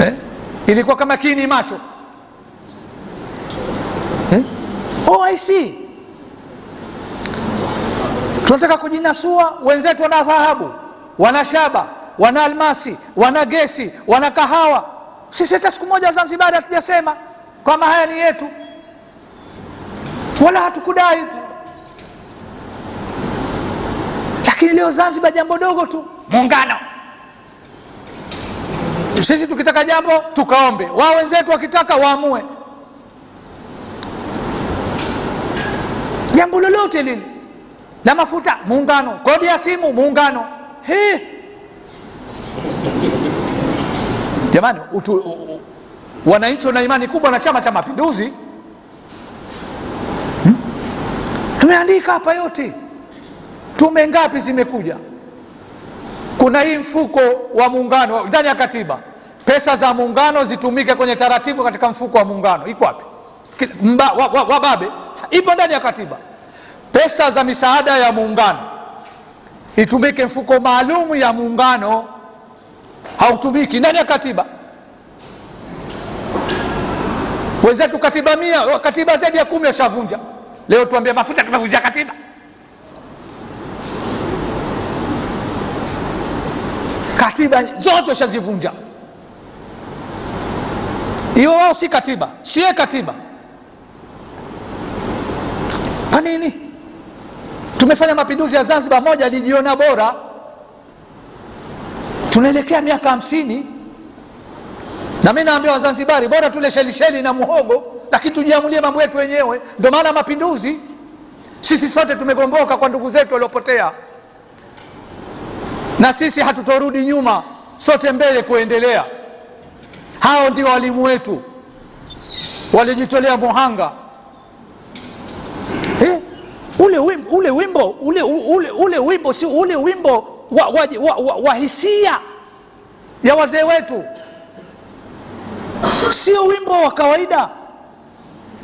eh? ilikuwa kama kini macho eh? oh, I see. tunataka kujinasua wenzetu wana dhahabu wana shaba wana almasi wana gesi wana kahawa sisi hata siku moja zanzibari hatujasema kwamba haya ni yetu wala hatukudai lakini leo zanzibar jambo dogo tu muungano sisi tukitaka jambo tukaombe, wao wenzetu wakitaka waamue jambo lolote lile la mafuta, muungano, kodi ya simu, muungano. He, jamani, wananchi wana imani kubwa na Chama cha Mapinduzi hmm? Tumeandika hapa yote, tume ngapi zimekuja? Kuna hii mfuko wa muungano ndani ya katiba pesa za muungano zitumike kwenye taratibu katika mfuko wa muungano. Iko wapi? Wababe wa, wa ipo ndani ya katiba. Pesa za misaada ya muungano itumike mfuko maalum ya muungano, hautumiki ndani ya katiba. Wenzetu katiba mia, katiba zaidi ya kumi ashavunja. Leo tuambie mafuta, tumevunja katiba. Katiba zote ashazivunja hiyo wao si katiba, sie katiba. Kwa nini tumefanya mapinduzi ya Zanzibar moja lijiona bora? Tunaelekea miaka hamsini na mi naambia Wazanzibari, bora tule shelisheli na muhogo, lakini tujiamulie mambo yetu wenyewe. Ndio maana mapinduzi, sisi sote tumegomboka kwa ndugu zetu waliopotea, na sisi hatutorudi nyuma, sote mbele kuendelea hao ndio walimu wetu walijitolea muhanga eh? ule wimbo ule wimbo ule, ule, ule wimbo si ule wimbo wa, wa, wa, wa, wa hisia ya wazee wetu sio wimbo wa kawaida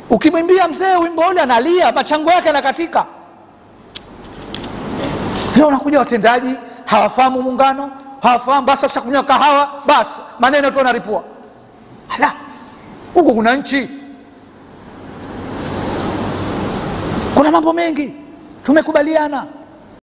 ukimwimbia mzee wimbo ule analia machango yake anakatika leo unakuja watendaji hawafahamu muungano hawafahamu basi sasa kunywa kahawa basi maneno tu anaripua Hala, huko kuna nchi kuna mambo mengi tumekubaliana